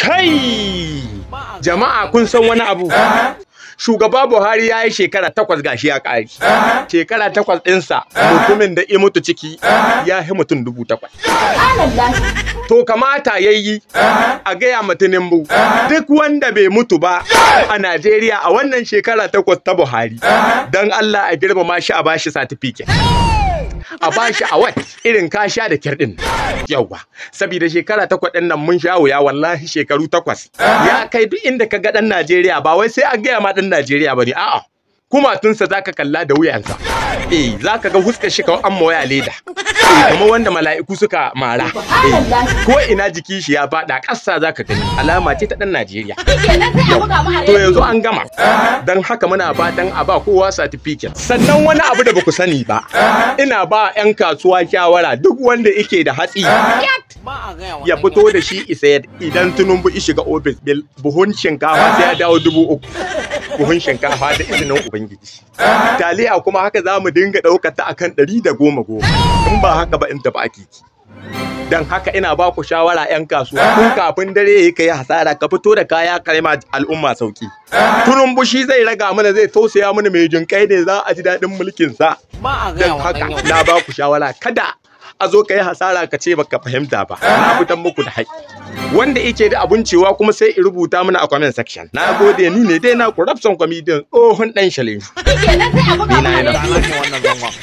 Kai! Jama'a kun san wani abu? Shugaba Buhari ya yi shekara takwas gashi ya ƙari. Shekara takwas ɗinsa mutumin da mutu ciki ya yi mutum dubu takwas. To kamata ya yi a gaya mutumin Bu, duk wanda bai mutu ba a Najeriya a wannan shekara takwas ta Buhari. Don Allah a girmama shi a bashi satifiket. a bashi a wat irin ka sha da kyar din yawa saboda shekara takwas din nan mun sha wuya wallahi shekaru takwas ya kai duk inda ka ga dan Najeriya ba wai sai an gaya ma dan Najeriya bane a'a Kuma kumatunsa zaka kalla da wuyansa eh zaka ga huskar shi kawai an waya leda eh wanda mala'iku suka mara eh, ko ina jiki shi ya fada kasa zaka gani alama ce ta dan Najeriya to yanzu an gama dan haka muna fatan a ba kowa certificate sannan wani abu da baku sani ba ina ba yan kasuwa kyawara duk wanda yake da hatsi ya fito da shi isa idan tunumbu shiga ofis buhun shinkafa sai ya dawo dubu uku buhun shinkafa da izinin ubangiji taliya kuma haka za mu dinga ɗaukar ta akan ɗari da goma goma in ba haka ba in tafi ki. don haka ina ba ku shawara 'yan kasuwa ko kafin dare ya kai hasara ka fito da kaya kalma al'umma sauki turun bushi zai raga mana zai tausaya mana mai jinkai ne za a ji daɗin mulkin sa don haka na ba ku shawara kada a zo ka yi hasara ka ce baka fahimta ba na fitan muku da haƙƙi wanda yake da abun cewa kuma sai in rubuta mana a comment section na gode ni ne dai na ku rafsan comedian tsohon dan shalin ni